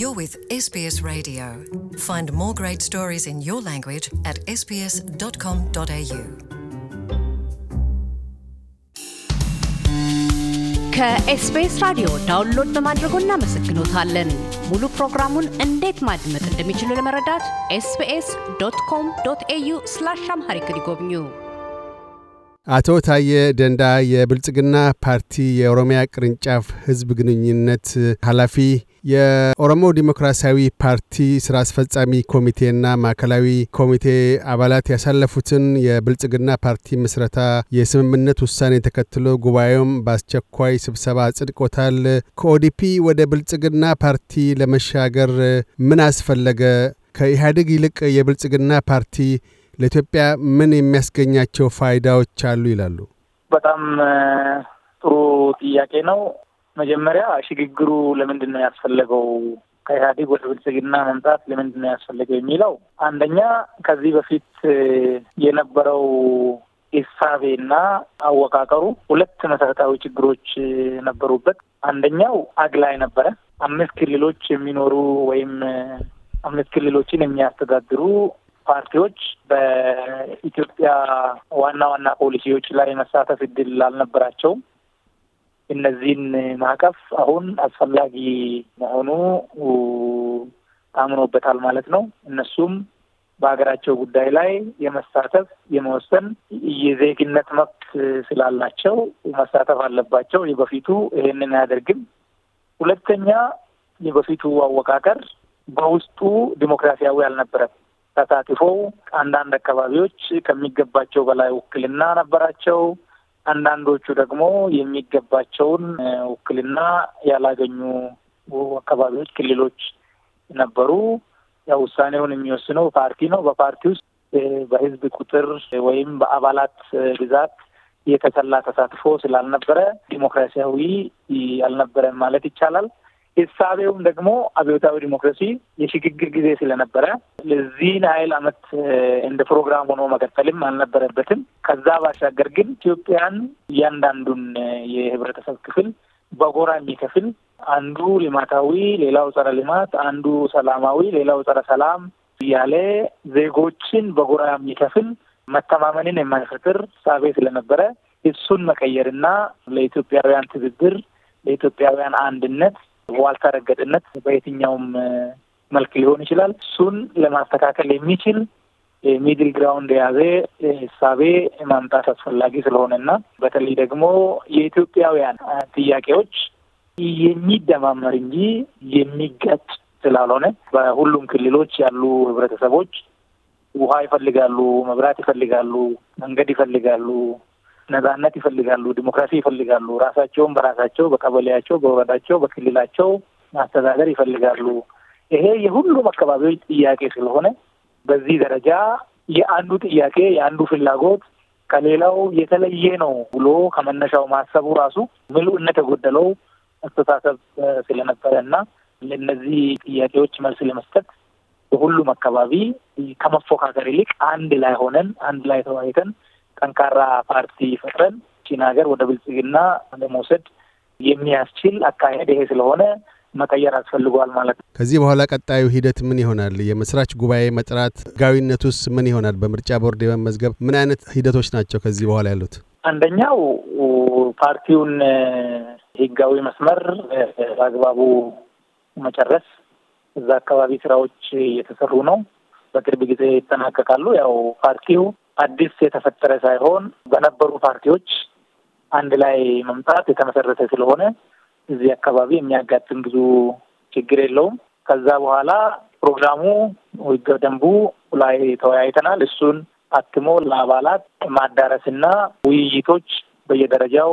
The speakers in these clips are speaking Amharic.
You're with SBS Radio. Find more great stories in your language at sbs.com.au. ከኤስቢኤስ ራዲዮ ዳውንሎድ በማድረጎ እናመሰግኖታለን። ሙሉ ፕሮግራሙን እንዴት ማድመጥ እንደሚችሉ ለመረዳት ኤስቢኤስ ዶት ኮም ዶት ኤዩ ስላሽ አምሃሪክ ይጎብኙ። አቶ ታየ ደንዳ የብልጽግና ፓርቲ የኦሮሚያ ቅርንጫፍ ህዝብ ግንኙነት ኃላፊ የኦሮሞ ዲሞክራሲያዊ ፓርቲ ስራ አስፈጻሚ ኮሚቴና ማዕከላዊ ኮሚቴ አባላት ያሳለፉትን የብልጽግና ፓርቲ ምስረታ የስምምነት ውሳኔ ተከትሎ ጉባኤውም በአስቸኳይ ስብሰባ አጽድቆታል። ከኦዲፒ ወደ ብልጽግና ፓርቲ ለመሻገር ምን አስፈለገ? ከኢህአዴግ ይልቅ የብልጽግና ፓርቲ ለኢትዮጵያ ምን የሚያስገኛቸው ፋይዳዎች አሉ ይላሉ? በጣም ጥሩ ጥያቄ ነው። መጀመሪያ ሽግግሩ ለምንድን ነው ያስፈለገው? ከኢህአዴግ ወደ ብልጽግና መምጣት ለምንድን ነው ያስፈለገው የሚለው አንደኛ ከዚህ በፊት የነበረው እሳቤና አወቃቀሩ ሁለት መሰረታዊ ችግሮች ነበሩበት። አንደኛው አግላይ ነበረ። አምስት ክልሎች የሚኖሩ ወይም አምስት ክልሎችን የሚያስተዳድሩ ፓርቲዎች በኢትዮጵያ ዋና ዋና ፖሊሲዎች ላይ መሳተፍ እድል አልነበራቸውም። እነዚህን ማዕቀፍ አሁን አስፈላጊ መሆኑ ታምኖበታል ማለት ነው። እነሱም በሀገራቸው ጉዳይ ላይ የመሳተፍ የመወሰን የዜግነት መብት ስላላቸው መሳተፍ አለባቸው። የበፊቱ ይሄንን አያደርግም። ሁለተኛ የበፊቱ አወቃቀር በውስጡ ዲሞክራሲያዊ አልነበረም። ተሳትፎው አንዳንድ አካባቢዎች ከሚገባቸው በላይ ውክልና ነበራቸው። አንዳንዶቹ ደግሞ የሚገባቸውን ውክልና ያላገኙ አካባቢዎች፣ ክልሎች ነበሩ። ያው ውሳኔውን የሚወስነው ፓርቲ ነው። በፓርቲ ውስጥ በህዝብ ቁጥር ወይም በአባላት ብዛት የተሰላ ተሳትፎ ስላልነበረ ዲሞክራሲያዊ አልነበረም ማለት ይቻላል። የሳቤውም ደግሞ አብዮታዊ ዲሞክራሲ የሽግግር ጊዜ ስለነበረ ለዚህን ሀይል አመት እንደ ፕሮግራም ሆኖ መቀጠልም አልነበረበትም። ከዛ ባሻገር ግን ኢትዮጵያን እያንዳንዱን የህብረተሰብ ክፍል በጎራ የሚከፍል አንዱ ልማታዊ፣ ሌላው ጸረ ልማት፣ አንዱ ሰላማዊ፣ ሌላው ጸረ ሰላም እያለ ዜጎችን በጎራ የሚከፍል መተማመንን የማይፈጥር ሳቤ ስለነበረ እሱን መቀየርና ለኢትዮጵያውያን ትብብር ለኢትዮጵያውያን አንድነት ዋልታ ረገጥነት በየትኛውም መልክ ሊሆን ይችላል። እሱን ለማስተካከል የሚችል ሚድል ግራውንድ የያዘ ሳቤ ማምጣት አስፈላጊ ስለሆነ ና በተለይ ደግሞ የኢትዮጵያውያን ጥያቄዎች የሚደማመር እንጂ የሚጋጭ ስላልሆነ በሁሉም ክልሎች ያሉ ህብረተሰቦች ውሃ ይፈልጋሉ፣ መብራት ይፈልጋሉ፣ መንገድ ይፈልጋሉ፣ ነጻነት ይፈልጋሉ፣ ዲሞክራሲ ይፈልጋሉ። ራሳቸውን በራሳቸው በቀበሌያቸው፣ በወረዳቸው፣ በክልላቸው ማስተዳደር ይፈልጋሉ። ይሄ የሁሉም አካባቢዎች ጥያቄ ስለሆነ በዚህ ደረጃ የአንዱ ጥያቄ የአንዱ ፍላጎት ከሌላው የተለየ ነው ብሎ ከመነሻው ማሰቡ ራሱ ምሉዕነት የጎደለው አስተሳሰብ ስለነበረ እና ለእነዚህ ጥያቄዎች መልስ ለመስጠት በሁሉም አካባቢ ከመፎካከር ይልቅ አንድ ላይ ሆነን አንድ ላይ ተወያይተን ጠንካራ ፓርቲ ፈጥረን ቺን ሀገር ወደ ብልጽግና ለመውሰድ የሚያስችል አካሄድ ይሄ ስለሆነ መቀየር አስፈልገዋል ማለት ነው። ከዚህ በኋላ ቀጣዩ ሂደት ምን ይሆናል? የመስራች ጉባኤ መጥራት ህጋዊነቱስ ምን ይሆናል? በምርጫ ቦርድ የመመዝገብ ምን አይነት ሂደቶች ናቸው ከዚህ በኋላ ያሉት? አንደኛው ፓርቲውን ህጋዊ መስመር በአግባቡ መጨረስ። እዛ አካባቢ ስራዎች እየተሰሩ ነው። በቅርብ ጊዜ ይጠናቀቃሉ። ያው ፓርቲው አዲስ የተፈጠረ ሳይሆን በነበሩ ፓርቲዎች አንድ ላይ መምጣት የተመሰረተ ስለሆነ እዚህ አካባቢ የሚያጋጥም ብዙ ችግር የለውም። ከዛ በኋላ ፕሮግራሙ ህገ ደንቡ ላይ ተወያይተናል። እሱን አትሞ ለአባላት ማዳረስና ውይይቶች በየደረጃው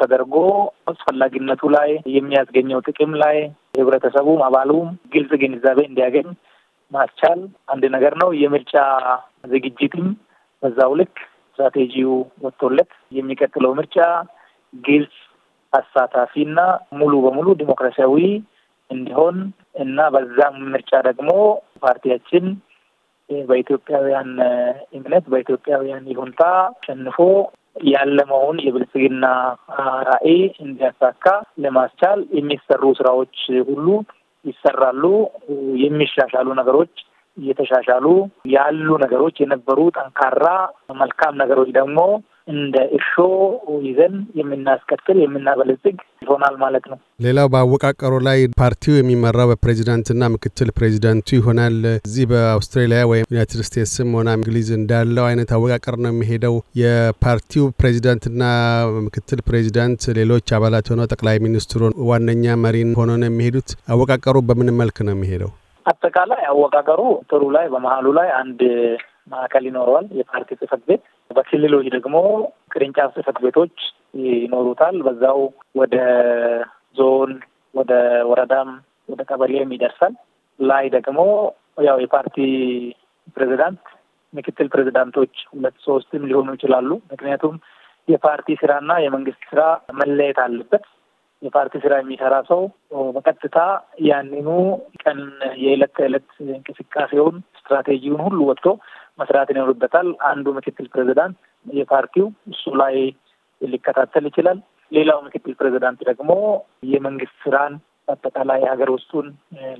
ተደርጎ አስፈላጊነቱ ላይ የሚያስገኘው ጥቅም ላይ ህብረተሰቡም አባሉም ግልጽ ግንዛቤ እንዲያገኝ ማስቻል አንድ ነገር ነው። የምርጫ ዝግጅትም በዛው ልክ ስትራቴጂው ወጥቶለት የሚቀጥለው ምርጫ ግልጽ፣ እና ሙሉ በሙሉ ዲሞክራሲያዊ እንዲሆን እና በዛም ምርጫ ደግሞ ፓርቲያችን በኢትዮጵያውያን እምነት በኢትዮጵያውያን ይሁንታ አሸንፎ ያለመውን የብልጽግና ራዕይ እንዲያሳካ ለማስቻል የሚሰሩ ስራዎች ሁሉ ይሰራሉ። የሚሻሻሉ ነገሮች እየተሻሻሉ ያሉ ነገሮች የነበሩ ጠንካራ መልካም ነገሮች ደግሞ እንደ እርሾ ይዘን የምናስቀጥል የምናበለጽግ ይሆናል ማለት ነው። ሌላው በአወቃቀሩ ላይ ፓርቲው የሚመራው በፕሬዚዳንትና ምክትል ፕሬዚዳንቱ ይሆናል። እዚህ በአውስትራሊያ ወይም ዩናይትድ ስቴትስም ሆነ እንግሊዝ እንዳለው አይነት አወቃቀር ነው የሚሄደው። የፓርቲው ፕሬዚዳንትና ምክትል ፕሬዚዳንት ሌሎች አባላት ሆነው ጠቅላይ ሚኒስትሩን ዋነኛ መሪን ሆኖ ነው የሚሄዱት። አወቃቀሩ በምን መልክ ነው የሚሄደው? አጠቃላይ አወቃቀሩ ጥሩ ላይ በመሀሉ ላይ አንድ ማዕከል ይኖረዋል፣ የፓርቲ ጽህፈት ቤት። በክልሎች ደግሞ ቅርንጫፍ ጽህፈት ቤቶች ይኖሩታል። በዛው ወደ ዞን፣ ወደ ወረዳም፣ ወደ ቀበሌም ይደርሳል። ላይ ደግሞ ያው የፓርቲ ፕሬዚዳንት፣ ምክትል ፕሬዚዳንቶች ሁለት ሶስትም ሊሆኑ ይችላሉ። ምክንያቱም የፓርቲ ስራና የመንግስት ስራ መለየት አለበት። የፓርቲ ስራ የሚሰራ ሰው በቀጥታ ያንኑ ቀን የዕለት ተዕለት እንቅስቃሴውን ስትራቴጂውን ሁሉ ወጥቶ መስራት ይኖርበታል። አንዱ ምክትል ፕሬዚዳንት የፓርቲው እሱ ላይ ሊከታተል ይችላል። ሌላው ምክትል ፕሬዚዳንት ደግሞ የመንግስት ስራን አጠቃላይ ሀገር ውስጡን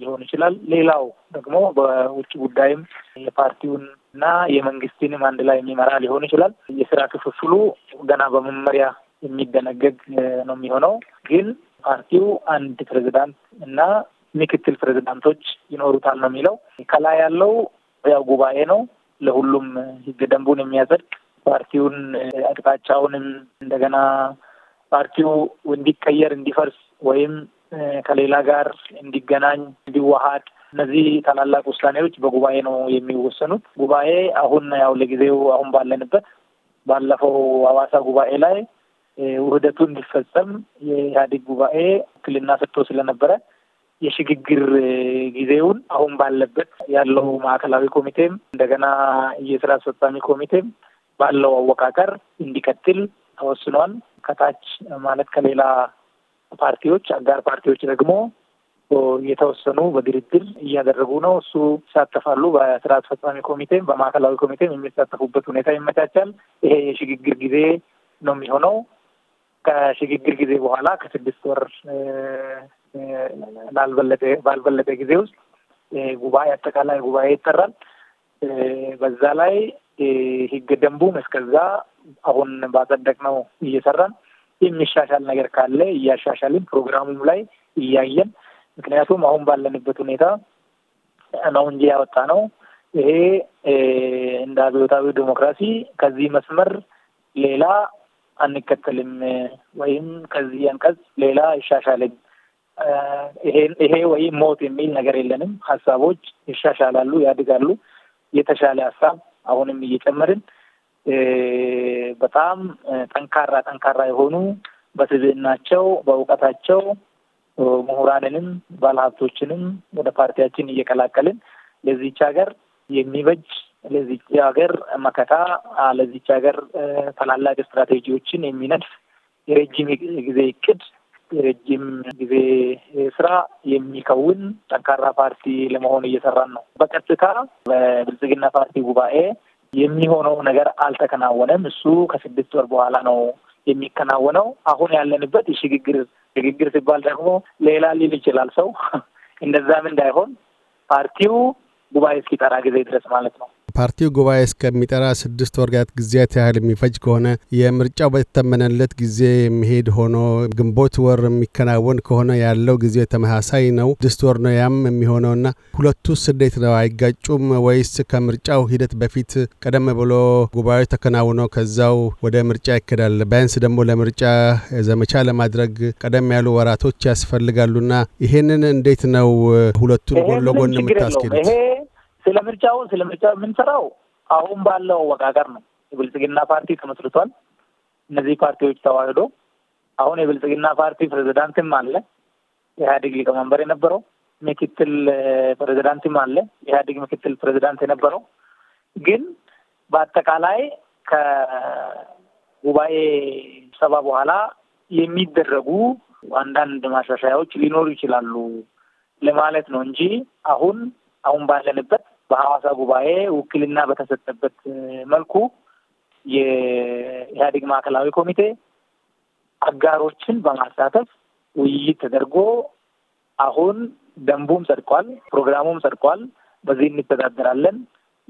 ሊሆን ይችላል። ሌላው ደግሞ በውጭ ጉዳይም የፓርቲውን እና የመንግስትንም አንድ ላይ የሚመራ ሊሆን ይችላል። የስራ ክፍፍሉ ገና በመመሪያ የሚደነገግ ነው የሚሆነው። ግን ፓርቲው አንድ ፕሬዚዳንት እና ምክትል ፕሬዚዳንቶች ይኖሩታል ነው የሚለው። ከላይ ያለው ያው ጉባኤ ነው ለሁሉም ህገ ደንቡን የሚያጸድቅ ፓርቲውን አቅጣጫውንም እንደገና ፓርቲው እንዲቀየር እንዲፈርስ ወይም ከሌላ ጋር እንዲገናኝ እንዲዋሀድ እነዚህ ታላላቅ ውሳኔዎች በጉባኤ ነው የሚወሰኑት። ጉባኤ አሁን ያው ለጊዜው አሁን ባለንበት ባለፈው አዋሳ ጉባኤ ላይ ውህደቱ እንዲፈጸም የኢህአዴግ ጉባኤ ክልና ሰጥቶ ስለነበረ የሽግግር ጊዜውን አሁን ባለበት ያለው ማዕከላዊ ኮሚቴም እንደገና የስራ አስፈጻሚ ኮሚቴም ባለው አወቃቀር እንዲቀጥል ተወስኗል። ከታች ማለት ከሌላ ፓርቲዎች አጋር ፓርቲዎች ደግሞ የተወሰኑ በድርድር እያደረጉ ነው። እሱ ይሳተፋሉ። በስራ አስፈጻሚ ኮሚቴም በማዕከላዊ ኮሚቴም የሚሳተፉበት ሁኔታ ይመቻቻል። ይሄ የሽግግር ጊዜ ነው የሚሆነው። ከሽግግር ጊዜ በኋላ ከስድስት ወር ላልበለጠ ባልበለጠ ጊዜ ውስጥ ጉባኤ አጠቃላይ ጉባኤ ይጠራል። በዛ ላይ ህገ ደንቡም እስከዛ አሁን ነው እየሰራን የሚሻሻል ነገር ካለ እያሻሻልን ፕሮግራሙም ላይ እያየን ምክንያቱም አሁን ባለንበት ሁኔታ ነው እንጂ ያወጣ ነው ይሄ እንደ አብዮታዊ ዲሞክራሲ ከዚህ መስመር ሌላ አንከተልም ወይም ከዚህ አንቀጽ ሌላ ይሻሻልም ይሄ ወይም ሞት የሚል ነገር የለንም። ሀሳቦች ይሻሻላሉ፣ ያድጋሉ። የተሻለ ሀሳብ አሁንም እየጨመርን በጣም ጠንካራ ጠንካራ የሆኑ በትብዕናቸው በእውቀታቸው ምሁራንንም ባለሀብቶችንም ወደ ፓርቲያችን እየቀላቀልን ለዚህች ሀገር የሚበጅ ለዚች ሀገር መከታ ለዚች ሀገር ታላላቅ ስትራቴጂዎችን የሚነድፍ የረጅም ጊዜ እቅድ የረጅም ጊዜ ስራ የሚከውን ጠንካራ ፓርቲ ለመሆን እየሰራን ነው። በቀጥታ በብልጽግና ፓርቲ ጉባኤ የሚሆነው ነገር አልተከናወነም። እሱ ከስድስት ወር በኋላ ነው የሚከናወነው። አሁን ያለንበት የሽግግር ሽግግር ሲባል ደግሞ ሌላ ሊል ይችላል ሰው። እንደዛም እንዳይሆን ፓርቲው ጉባኤ እስኪጠራ ጊዜ ድረስ ማለት ነው ፓርቲው ጉባኤ እስከሚጠራ ስድስት ወርጋት ጊዜያት ያህል የሚፈጅ ከሆነ የምርጫው በተተመነለት ጊዜ የሚሄድ ሆኖ ግንቦት ወር የሚከናወን ከሆነ ያለው ጊዜ ተመሳሳይ ነው፣ ስድስት ወር ነው ያም ና ሁለቱስ እንዴት ነው? አይጋጩም ወይስ ከምርጫው ሂደት በፊት ቀደም ብሎ ጉባኤ ተከናውኖ ከዛው ወደ ምርጫ ይክዳል ቢያንስ ደግሞ ለምርጫ ዘመቻ ለማድረግ ቀደም ያሉ ወራቶች ያስፈልጋሉና ይሄንን እንዴት ነው ሁለቱን ጎን ለጎን የምታስኬዱት? ስለ ምርጫው ስለ ምርጫ የምንሰራው አሁን ባለው አወቃቀር ነው። የብልጽግና ፓርቲ ተመስርቷል። እነዚህ ፓርቲዎች ተዋህዶ አሁን የብልጽግና ፓርቲ ፕሬዚዳንትም አለ፣ የኢህአዴግ ሊቀመንበር የነበረው ምክትል ፕሬዚዳንትም አለ፣ የኢህአዴግ ምክትል ፕሬዚዳንት የነበረው ግን በአጠቃላይ ከጉባኤ ሰባ በኋላ የሚደረጉ አንዳንድ ማሻሻያዎች ሊኖሩ ይችላሉ ለማለት ነው እንጂ አሁን አሁን ባለንበት በሐዋሳ ጉባኤ ውክልና በተሰጠበት መልኩ የኢህአዴግ ማዕከላዊ ኮሚቴ አጋሮችን በማሳተፍ ውይይት ተደርጎ አሁን ደንቡም ጸድቋል፣ ፕሮግራሙም ጸድቋል። በዚህ እንተዳደራለን።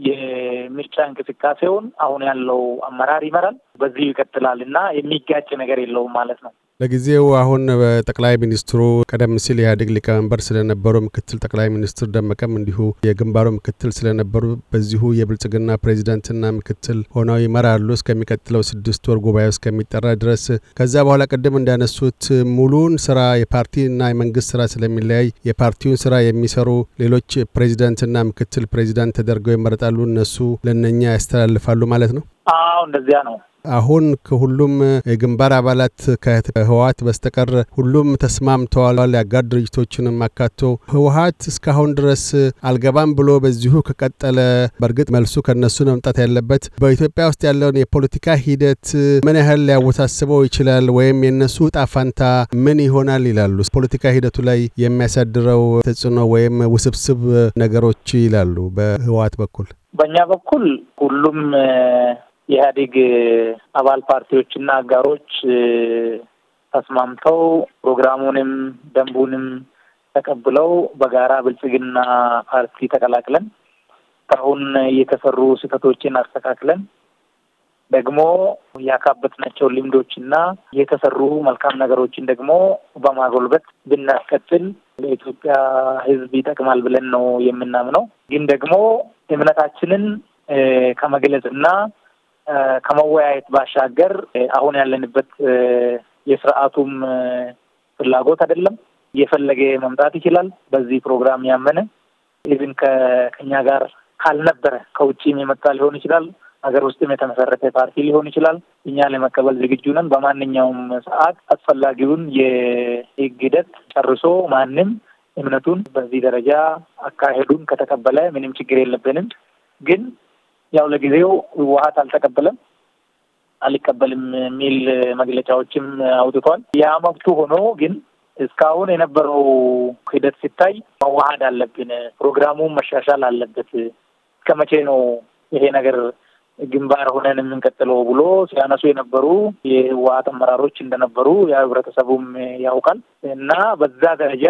የምርጫ እንቅስቃሴውን አሁን ያለው አመራር ይመራል። በዚህ ይቀጥላል እና የሚጋጭ ነገር የለውም ማለት ነው። ለጊዜው አሁን በጠቅላይ ሚኒስትሩ ቀደም ሲል ኢህአዴግ ሊቀመንበር ስለነበሩ ምክትል ጠቅላይ ሚኒስትር ደመቀም እንዲሁ የግንባሩ ምክትል ስለነበሩ በዚሁ የብልጽግና ፕሬዚደንትና ምክትል ሆነው ይመራሉ እስከሚቀጥለው ስድስት ወር ጉባኤ እስከሚጠራ ድረስ። ከዛ በኋላ ቅድም እንዳነሱት ሙሉን ስራ የፓርቲና የመንግስት ስራ ስለሚለያይ የፓርቲውን ስራ የሚሰሩ ሌሎች ፕሬዚደንትና ምክትል ፕሬዚዳንት ተደርገው ይመረጣሉ። እነሱ ለነኛ ያስተላልፋሉ ማለት ነው። አዎ እንደዚያ ነው። አሁን ከሁሉም የግንባር አባላት ከህወሀት በስተቀር ሁሉም ተስማምተዋል። የአጋር ድርጅቶችንም አካቶ ህወሀት እስካሁን ድረስ አልገባም ብሎ በዚሁ ከቀጠለ በእርግጥ መልሱ ከነሱ መምጣት ያለበት። በኢትዮጵያ ውስጥ ያለውን የፖለቲካ ሂደት ምን ያህል ሊያወሳስበው ይችላል? ወይም የነሱ እጣ ፋንታ ምን ይሆናል ይላሉ። ፖለቲካ ሂደቱ ላይ የሚያሳድረው ተጽዕኖ ወይም ውስብስብ ነገሮች ይላሉ። በህወሀት በኩል በእኛ በኩል ሁሉም የኢህአዴግ አባል ፓርቲዎችና አጋሮች ተስማምተው ፕሮግራሙንም ደንቡንም ተቀብለው በጋራ ብልጽግና ፓርቲ ተቀላቅለን እስካሁን የተሰሩ ስህተቶችን አስተካክለን ደግሞ ያካበትናቸው ልምዶችና የተሰሩ መልካም ነገሮችን ደግሞ በማጎልበት ብናስቀጥል ለኢትዮጵያ ሕዝብ ይጠቅማል ብለን ነው የምናምነው። ግን ደግሞ እምነታችንን ከመግለጽና ከመወያየት ባሻገር አሁን ያለንበት የስርዓቱም ፍላጎት አይደለም። እየፈለገ መምጣት ይችላል። በዚህ ፕሮግራም ያመነ ኢቭን ከኛ ጋር ካልነበረ ከውጭም የመጣ ሊሆን ይችላል። ሀገር ውስጥም የተመሰረተ ፓርቲ ሊሆን ይችላል። እኛ ለመቀበል ዝግጁ ነን። በማንኛውም ሰዓት አስፈላጊውን የህግ ሂደት ጨርሶ ማንም እምነቱን በዚህ ደረጃ አካሄዱን ከተቀበለ ምንም ችግር የለብንም ግን ያው ለጊዜው ህወሀት አልተቀበለም አልቀበልም የሚል መግለጫዎችም አውጥቷል። ያ መብቱ ሆኖ ግን እስካሁን የነበረው ሂደት ሲታይ መዋሀድ አለብን፣ ፕሮግራሙ መሻሻል አለበት። እስከ መቼ ነው ይሄ ነገር ግንባር ሆነን የምንቀጥለው ብሎ ሲያነሱ የነበሩ የህወሀት አመራሮች እንደነበሩ ህብረተሰቡም ያውቃል እና በዛ ደረጃ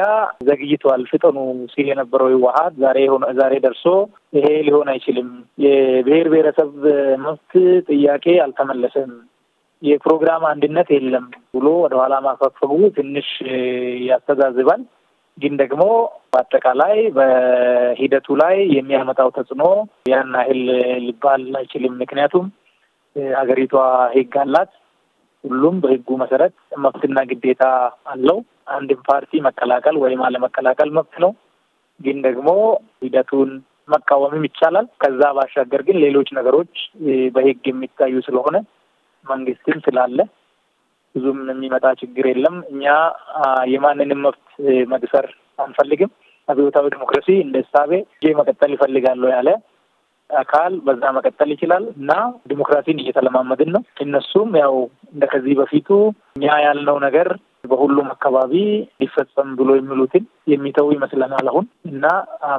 ዘግይተዋል። ፍጠኑ ሲል የነበረው ህወሀት ዛሬ ዛሬ ደርሶ ይሄ ሊሆን አይችልም፣ የብሔር ብሔረሰብ መብት ጥያቄ አልተመለሰም፣ የፕሮግራም አንድነት የለም ብሎ ወደኋላ ማፈግፈጉ ትንሽ ያስተዛዝባል። ግን ደግሞ በአጠቃላይ በሂደቱ ላይ የሚያመጣው ተጽዕኖ ያን ያህል ሊባል አይችልም። ምክንያቱም ሀገሪቷ ህግ አላት። ሁሉም በህጉ መሰረት መብትና ግዴታ አለው። አንድም ፓርቲ መቀላቀል ወይም አለመቀላቀል መብት ነው። ግን ደግሞ ሂደቱን መቃወምም ይቻላል። ከዛ ባሻገር ግን ሌሎች ነገሮች በህግ የሚታዩ ስለሆነ መንግስትም ስላለ ብዙም የሚመጣ ችግር የለም። እኛ የማንንም መብት መግሰር አንፈልግም። አብዮታዊ ዲሞክራሲ እንደ እሳቤ መቀጠል ይፈልጋለሁ ያለ አካል በዛ መቀጠል ይችላል እና ዲሞክራሲን እየተለማመድን ነው። እነሱም ያው እንደ ከዚህ በፊቱ እኛ ያልነው ነገር በሁሉም አካባቢ ሊፈጸም ብሎ የሚሉትን የሚተው ይመስለናል አሁን እና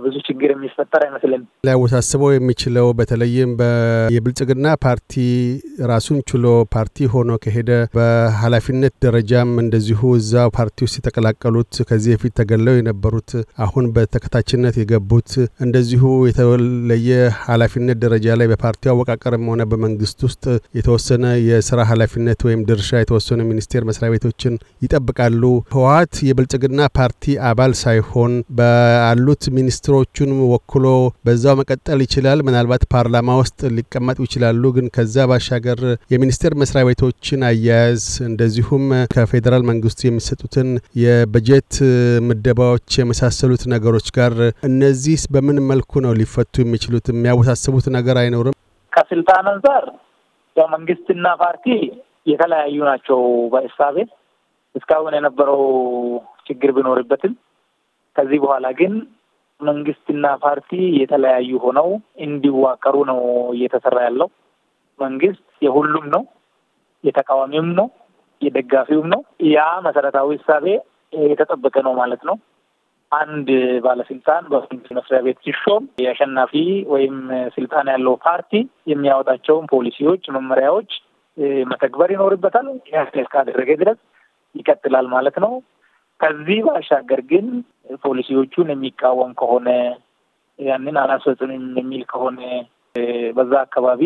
ብዙ ችግር የሚፈጠር አይመስለንም። ሊያወሳስበው የሚችለው በተለይም የብልጽግና ፓርቲ ራሱን ችሎ ፓርቲ ሆኖ ከሄደ በኃላፊነት ደረጃም እንደዚሁ እዛው ፓርቲ ውስጥ የተቀላቀሉት ከዚህ በፊት ተገለው የነበሩት አሁን በተከታችነት የገቡት እንደዚሁ የተለየ ኃላፊነት ደረጃ ላይ በፓርቲው አወቃቀርም ሆነ በመንግስት ውስጥ የተወሰነ የስራ ኃላፊነት ወይም ድርሻ የተወሰኑ ሚኒስቴር መስሪያ ቤቶችን ይጠብቃሉ። ህወሀት የብልጽግና ፓርቲ አባል ሳይሆን ባሉት ሚኒስትሮቹን ወክሎ በዛው መቀጠል ይችላል። ምናልባት ፓርላማ ውስጥ ሊቀመጡ ይችላሉ። ግን ከዛ ባሻገር የሚኒስቴር መስሪያ ቤቶችን አያያዝ እንደዚሁም ከፌዴራል መንግስቱ የሚሰጡትን የበጀት ምደባዎች የመሳሰሉት ነገሮች ጋር እነዚህ በምን መልኩ ነው ሊፈቱ የሚችሉት? የሚያወሳስቡት ነገር አይኖርም? ከስልጣን አንጻር መንግስትና ፓርቲ የተለያዩ ናቸው። በእሳቤ እስካሁን የነበረው ችግር ቢኖርበትም ከዚህ በኋላ ግን መንግስትና ፓርቲ የተለያዩ ሆነው እንዲዋቀሩ ነው እየተሰራ ያለው። መንግስት የሁሉም ነው፣ የተቃዋሚውም ነው፣ የደጋፊውም ነው። ያ መሰረታዊ እሳቤ የተጠበቀ ነው ማለት ነው። አንድ ባለስልጣን በመንግስት መስሪያ ቤት ሲሾም የአሸናፊ ወይም ስልጣን ያለው ፓርቲ የሚያወጣቸውን ፖሊሲዎች፣ መመሪያዎች መተግበር ይኖርበታል። ያ እስካደረገ ድረስ ይቀጥላል ማለት ነው። ከዚህ ባሻገር ግን ፖሊሲዎቹን የሚቃወም ከሆነ ያንን አላስፈጽምም የሚል ከሆነ በዛ አካባቢ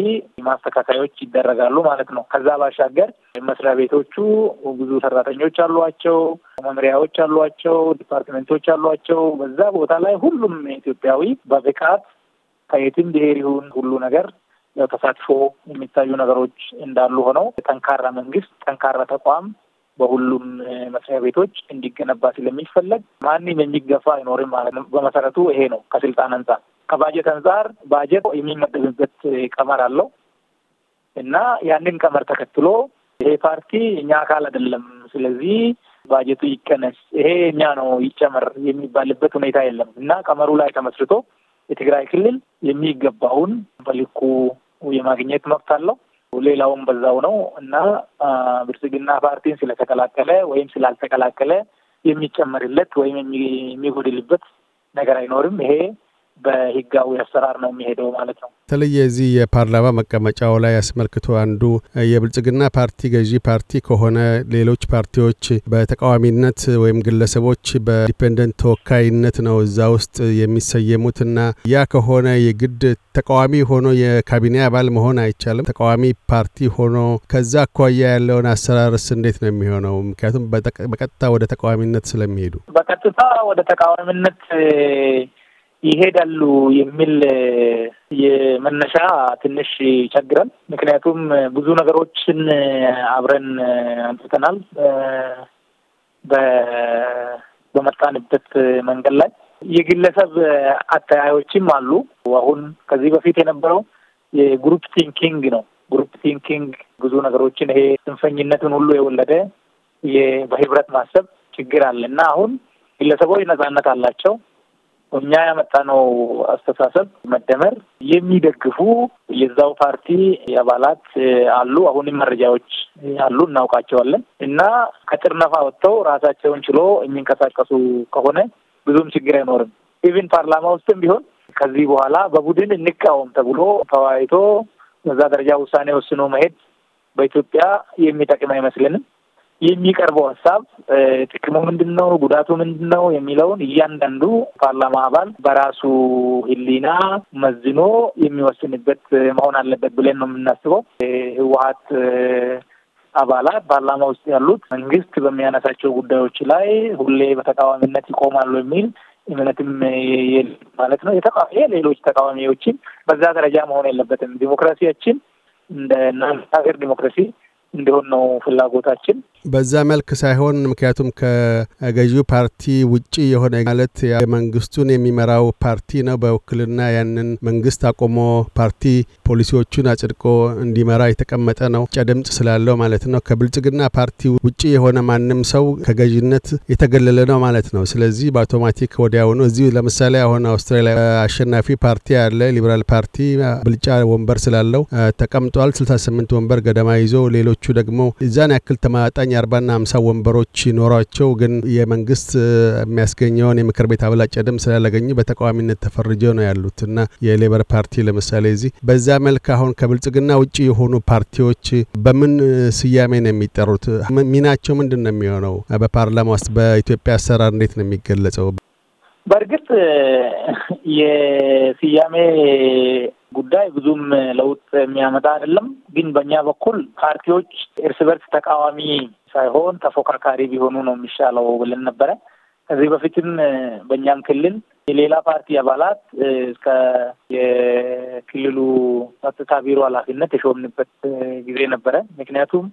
ማስተካከያዎች ይደረጋሉ ማለት ነው። ከዛ ባሻገር መስሪያ ቤቶቹ ብዙ ሰራተኞች አሏቸው፣ መምሪያዎች አሏቸው፣ ዲፓርትመንቶች አሏቸው። በዛ ቦታ ላይ ሁሉም ኢትዮጵያዊ በብቃት ከየትም ብሔር ይሁን ሁሉ ነገር ተሳትፎ የሚታዩ ነገሮች እንዳሉ ሆነው ጠንካራ መንግስት፣ ጠንካራ ተቋም በሁሉም መስሪያ ቤቶች እንዲገነባ ስለሚፈለግ ማንም የሚገፋ አይኖርም ማለት ነው። በመሰረቱ ይሄ ነው። ከስልጣን አንጻር፣ ከባጀት አንጻር ባጀት የሚመደብበት ቀመር አለው እና ያንን ቀመር ተከትሎ ይሄ ፓርቲ እኛ አካል አይደለም፣ ስለዚህ ባጀቱ ይቀነስ፣ ይሄ እኛ ነው ይጨመር የሚባልበት ሁኔታ የለም እና ቀመሩ ላይ ተመስርቶ የትግራይ ክልል የሚገባውን በልኩ የማግኘት መብት አለው። ሌላውም በዛው ነው እና ብልጽግና ፓርቲን ስለተቀላቀለ ወይም ስላልተቀላቀለ የሚጨመርለት ወይም የሚጎድልበት ነገር አይኖርም። ይሄ በህጋዊ አሰራር ነው የሚሄደው ማለት ነው። በተለይ እዚህ የፓርላማ መቀመጫው ላይ አስመልክቶ አንዱ የብልጽግና ፓርቲ ገዢ ፓርቲ ከሆነ ሌሎች ፓርቲዎች በተቃዋሚነት ወይም ግለሰቦች በዲፔንደንት ተወካይነት ነው እዛ ውስጥ የሚሰየሙት እና ያ ከሆነ የግድ ተቃዋሚ ሆኖ የካቢኔ አባል መሆን አይቻልም። ተቃዋሚ ፓርቲ ሆኖ ከዛ አኳያ ያለውን አሰራርስ እንዴት ነው የሚሆነው? ምክንያቱም በቀጥታ ወደ ተቃዋሚነት ስለሚሄዱ በቀጥታ ወደ ተቃዋሚነት ይሄዳሉ የሚል የመነሻ ትንሽ ይቸግራል። ምክንያቱም ብዙ ነገሮችን አብረን አንስተናል በመጣንበት መንገድ ላይ የግለሰብ አተያዮችም አሉ። አሁን ከዚህ በፊት የነበረው የግሩፕ ቲንኪንግ ነው። ግሩፕ ቲንኪንግ ብዙ ነገሮችን ይሄ ጽንፈኝነትን ሁሉ የወለደ በህብረት ማሰብ ችግር አለ እና አሁን ግለሰቦች ነጻነት አላቸው። እኛ ያመጣነው አስተሳሰብ መደመር የሚደግፉ የዛው ፓርቲ አባላት አሉ። አሁንም መረጃዎች አሉ፣ እናውቃቸዋለን። እና ከጥርነፋ ወጥተው ራሳቸውን ችሎ የሚንቀሳቀሱ ከሆነ ብዙም ችግር አይኖርም። ኢቭን ፓርላማ ውስጥም ቢሆን ከዚህ በኋላ በቡድን እንቃወም ተብሎ ተወያይቶ በዛ ደረጃ ውሳኔ ወስኖ መሄድ በኢትዮጵያ የሚጠቅም አይመስልንም። የሚቀርበው ሀሳብ ጥቅሙ ምንድን ነው፣ ጉዳቱ ምንድን ነው የሚለውን እያንዳንዱ ፓርላማ አባል በራሱ ህሊና መዝኖ የሚወስንበት መሆን አለበት ብለን ነው የምናስበው። ህወሀት አባላት ፓርላማ ውስጥ ያሉት መንግስት በሚያነሳቸው ጉዳዮች ላይ ሁሌ በተቃዋሚነት ይቆማሉ የሚል እምነትም ማለት ነው ሌሎች ተቃዋሚዎችን በዛ ደረጃ መሆን የለበትም። ዲሞክራሲያችን እንደ ሀገር ዲሞክራሲ እንዲሆን ነው ፍላጎታችን። በዛ መልክ ሳይሆን ምክንያቱም ከገዢው ፓርቲ ውጭ የሆነ ማለት መንግስቱን የሚመራው ፓርቲ ነው። በውክልና ያንን መንግስት አቆሞ ፓርቲ ፖሊሲዎቹን አጽድቆ እንዲመራ የተቀመጠ ነው። ጫ ድምጽ ስላለው ማለት ነው። ከብልጽግና ፓርቲ ውጭ የሆነ ማንም ሰው ከገዥነት የተገለለ ነው ማለት ነው። ስለዚህ በአውቶማቲክ ወዲያውኑ እዚህ ለምሳሌ አሁን አውስትራሊያ አሸናፊ ፓርቲ ያለ ሊበራል ፓርቲ ብልጫ ወንበር ስላለው ተቀምጧል። 68 ወንበር ገደማ ይዞ ሌሎቹ ደግሞ እዛን ያክል ተማጣኝ አማካኝ አርባና አምሳ ወንበሮች ኖሯቸው ግን የመንግስት የሚያስገኘውን የምክር ቤት አብላጫ ድምፅ ስላላገኙ በተቃዋሚነት ተፈርጀው ነው ያሉት እና የሌበር ፓርቲ ለምሳሌ እዚህ በዛ መልክ አሁን ከብልጽግና ውጭ የሆኑ ፓርቲዎች በምን ስያሜ ነው የሚጠሩት? ሚናቸው ምንድን ነው የሚሆነው? በፓርላማ ውስጥ በኢትዮጵያ አሰራር እንዴት ነው የሚገለጸው? በእርግጥ የስያሜ ጉዳይ ብዙም ለውጥ የሚያመጣ አይደለም። ግን በእኛ በኩል ፓርቲዎች እርስ በርስ ተቃዋሚ ሳይሆን ተፎካካሪ ቢሆኑ ነው የሚሻለው ብለን ነበረ። ከዚህ በፊትም በእኛም ክልል የሌላ ፓርቲ አባላት እስከ የክልሉ ጸጥታ ቢሮ ኃላፊነት የሾምንበት ጊዜ ነበረ። ምክንያቱም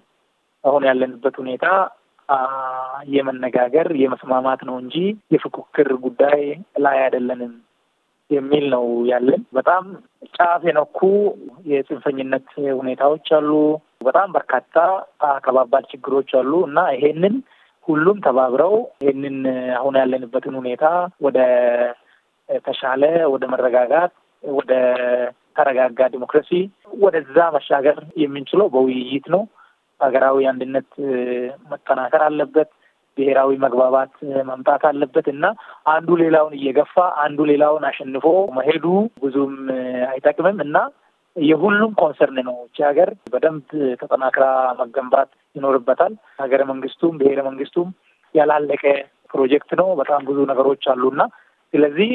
አሁን ያለንበት ሁኔታ የመነጋገር የመስማማት ነው እንጂ የፉክክር ጉዳይ ላይ አይደለንም የሚል ነው ያለን። በጣም ጫፍ የነኩ የጽንፈኝነት ሁኔታዎች አሉ። በጣም በርካታ ከባባድ ችግሮች አሉ እና ይሄንን ሁሉም ተባብረው ይሄንን አሁን ያለንበትን ሁኔታ ወደ ተሻለ ወደ መረጋጋት ወደ ተረጋጋ ዲሞክራሲ ወደዛ መሻገር የምንችለው በውይይት ነው። ሀገራዊ አንድነት መጠናከር አለበት። ብሔራዊ መግባባት መምጣት አለበት እና አንዱ ሌላውን እየገፋ አንዱ ሌላውን አሸንፎ መሄዱ ብዙም አይጠቅምም እና የሁሉም ኮንሰርን ነው። እቺ ሀገር በደንብ ተጠናክራ መገንባት ይኖርበታል። ሀገረ መንግስቱም ብሔረ መንግስቱም ያላለቀ ፕሮጀክት ነው። በጣም ብዙ ነገሮች እና ስለዚህ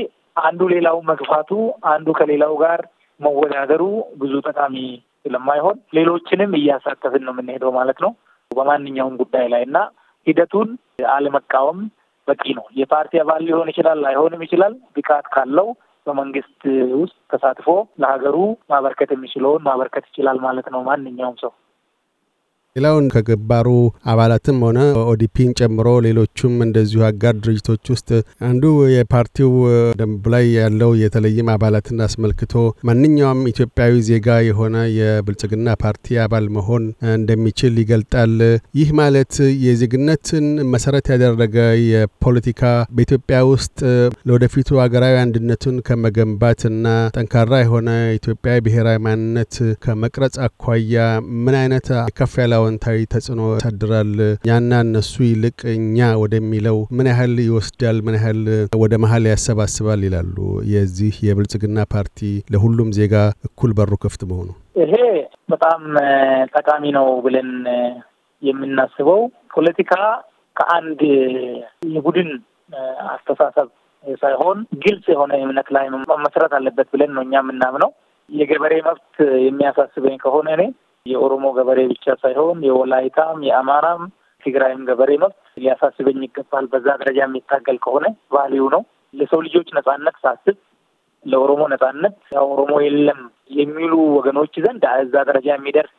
አንዱ ሌላውን መግፋቱ፣ አንዱ ከሌላው ጋር መወዳደሩ ብዙ ጠቃሚ ስለማይሆን ሌሎችንም እያሳተፍን ነው የምንሄደው ማለት ነው በማንኛውም ጉዳይ ላይ እና ሂደቱን አለመቃወም በቂ ነው። የፓርቲ አባል ሊሆን ይችላል፣ አይሆንም ይችላል። ብቃት ካለው በመንግስት ውስጥ ተሳትፎ ለሀገሩ ማበርከት የሚችለውን ማበርከት ይችላል ማለት ነው ማንኛውም ሰው። ሌላውን ከገባሩ አባላትም ሆነ ኦዲፒን ጨምሮ ሌሎቹም እንደዚሁ አጋር ድርጅቶች ውስጥ አንዱ የፓርቲው ደንብ ላይ ያለው የተለይም አባላትን አስመልክቶ ማንኛውም ኢትዮጵያዊ ዜጋ የሆነ የብልጽግና ፓርቲ አባል መሆን እንደሚችል ይገልጣል። ይህ ማለት የዜግነትን መሰረት ያደረገ የፖለቲካ በኢትዮጵያ ውስጥ ለወደፊቱ ሀገራዊ አንድነቱን ከመገንባት እና ጠንካራ የሆነ ኢትዮጵያዊ ብሔራዊ ማንነት ከመቅረጽ አኳያ ምን አይነት ከፍ ያለ አዎንታዊ ተጽዕኖ ያሳድራል? እኛና እነሱ ይልቅ እኛ ወደሚለው ምን ያህል ይወስዳል? ምን ያህል ወደ መሀል ያሰባስባል? ይላሉ የዚህ የብልጽግና ፓርቲ ለሁሉም ዜጋ እኩል በሩ ክፍት መሆኑ ይሄ በጣም ጠቃሚ ነው ብለን የምናስበው ፖለቲካ ከአንድ የቡድን አስተሳሰብ ሳይሆን ግልጽ የሆነ እምነት ላይ መመስረት አለበት ብለን ነው እኛ የምናምነው። የገበሬ መብት የሚያሳስበኝ ከሆነ እኔ የኦሮሞ ገበሬ ብቻ ሳይሆን የወላይታም፣ የአማራም ትግራይም ገበሬ መብት ሊያሳስበኝ ይገባል። በዛ ደረጃ የሚታገል ከሆነ ባህሪው ነው። ለሰው ልጆች ነጻነት ሳስብ ለኦሮሞ ነጻነት ኦሮሞ የለም የሚሉ ወገኖች ዘንድ እዛ ደረጃ የሚደርስ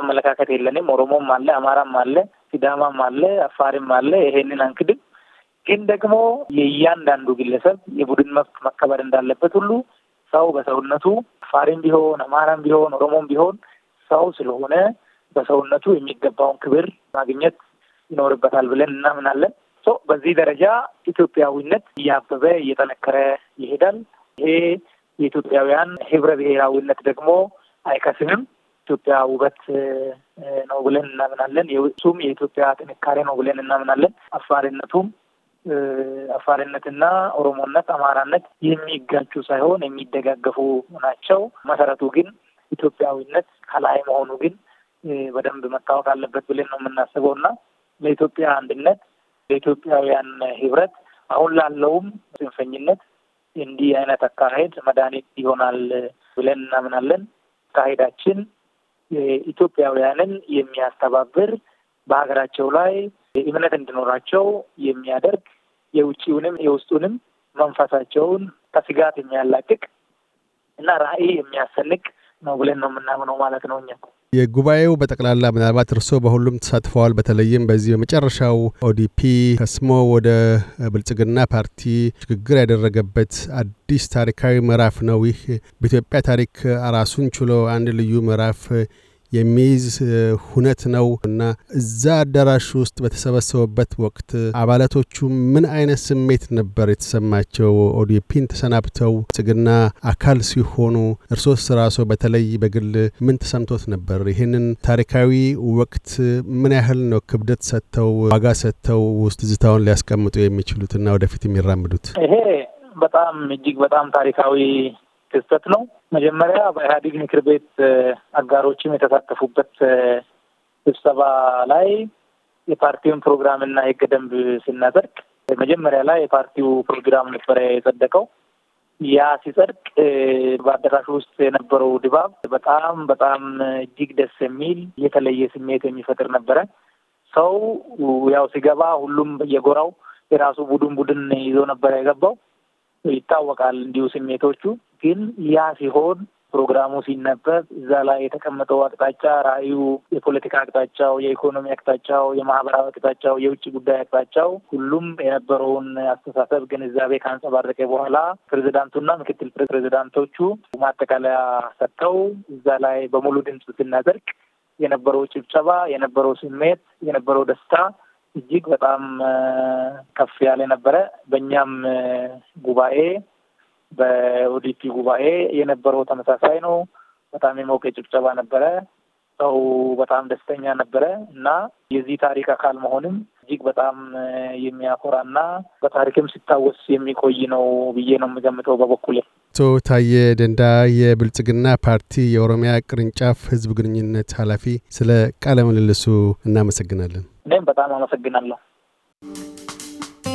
አመለካከት የለንም። ኦሮሞም አለ፣ አማራም አለ፣ ሲዳማም አለ፣ አፋሪም አለ። ይሄንን አንክድም። ግን ደግሞ የእያንዳንዱ ግለሰብ የቡድን መብት መከበር እንዳለበት ሁሉ ሰው በሰውነቱ አፋሪም ቢሆን አማራም ቢሆን ኦሮሞም ቢሆን ሰው ስለሆነ በሰውነቱ የሚገባውን ክብር ማግኘት ይኖርበታል ብለን እናምናለን። በዚህ ደረጃ ኢትዮጵያዊነት እያበበ እየጠነከረ ይሄዳል። ይሄ የኢትዮጵያውያን ህብረ ብሔራዊነት ደግሞ አይከስንም። ኢትዮጵያ ውበት ነው ብለን እናምናለን። የሱም የኢትዮጵያ ጥንካሬ ነው ብለን እናምናለን። አፋርነቱም አፋርነትና ኦሮሞነት፣ አማራነት የሚጋጩ ሳይሆን የሚደጋገፉ ናቸው። መሰረቱ ግን ኢትዮጵያዊነት ከላይ መሆኑ ግን በደንብ መታወቅ አለበት ብለን ነው የምናስበው እና ለኢትዮጵያ አንድነት፣ ለኢትዮጵያውያን ህብረት፣ አሁን ላለውም ጽንፈኝነት እንዲህ አይነት አካሄድ መድኃኒት ይሆናል ብለን እናምናለን። አካሄዳችን ኢትዮጵያውያንን የሚያስተባብር በሀገራቸው ላይ እምነት እንዲኖራቸው የሚያደርግ የውጭውንም የውስጡንም መንፈሳቸውን ከስጋት የሚያላቅቅ እና ራዕይ የሚያሰንቅ ነው ብለን ነው የምናምነው ማለት ነው እኛ የጉባኤው በጠቅላላ ምናልባት እርስዎ በሁሉም ተሳትፈዋል። በተለይም በዚህ በመጨረሻው ኦዲፒ ከስሞ ወደ ብልጽግና ፓርቲ ሽግግር ያደረገበት አዲስ ታሪካዊ ምዕራፍ ነው። ይህ በኢትዮጵያ ታሪክ ራሱን ችሎ አንድ ልዩ ምዕራፍ የሚይዝ ሁነት ነው እና እዛ አዳራሽ ውስጥ በተሰበሰቡበት ወቅት አባላቶቹ ምን አይነት ስሜት ነበር የተሰማቸው? ኦዲፒን ተሰናብተው ጽግና አካል ሲሆኑ እርሶስ ራሶ በተለይ በግል ምን ተሰምቶት ነበር? ይህንን ታሪካዊ ወቅት ምን ያህል ነው ክብደት ሰጥተው ዋጋ ሰጥተው ውስጥ ዝታውን ሊያስቀምጡ የሚችሉትና ወደፊት የሚራምዱት? ይሄ በጣም እጅግ በጣም ታሪካዊ ክስተት ነው። መጀመሪያ በኢህአዴግ ምክር ቤት አጋሮችም የተሳተፉበት ስብሰባ ላይ የፓርቲውን ፕሮግራምና ህገ ደንብ ስናጸድቅ መጀመሪያ ላይ የፓርቲው ፕሮግራም ነበረ የጸደቀው። ያ ሲጸድቅ በአዳራሹ ውስጥ የነበረው ድባብ በጣም በጣም እጅግ ደስ የሚል የተለየ ስሜት የሚፈጥር ነበረ። ሰው ያው ሲገባ ሁሉም በየጎራው የራሱ ቡድን ቡድን ይዞ ነበረ የገባው። ይታወቃል እንዲሁ ስሜቶቹ ግን ያ ሲሆን ፕሮግራሙ ሲነበብ እዛ ላይ የተቀመጠው አቅጣጫ ራዕዩ፣ የፖለቲካ አቅጣጫው፣ የኢኮኖሚ አቅጣጫው፣ የማህበራዊ አቅጣጫው፣ የውጭ ጉዳይ አቅጣጫው ሁሉም የነበረውን አስተሳሰብ ግንዛቤ ካንጸባረቀ በኋላ ፕሬዚዳንቱና ምክትል ፕሬዚዳንቶቹ ማጠቃለያ ሰጥተው እዛ ላይ በሙሉ ድምፅ ስናዘርቅ የነበረው ጭብጨባ፣ የነበረው ስሜት፣ የነበረው ደስታ እጅግ በጣም ከፍ ያለ ነበረ። በእኛም ጉባኤ በኦዲፒ ጉባኤ የነበረው ተመሳሳይ ነው። በጣም የሞቀ ጭብጨባ ነበረ። ሰው በጣም ደስተኛ ነበረ እና የዚህ ታሪክ አካል መሆንም እጅግ በጣም የሚያኮራና በታሪክም ሲታወስ የሚቆይ ነው ብዬ ነው የምገምተው በበኩሌ። አቶ ታዬ ደንዳ የብልጽግና ፓርቲ የኦሮሚያ ቅርንጫፍ ህዝብ ግንኙነት ኃላፊ፣ ስለ ቃለ ምልልሱ እናመሰግናለን። እኔም በጣም አመሰግናለሁ።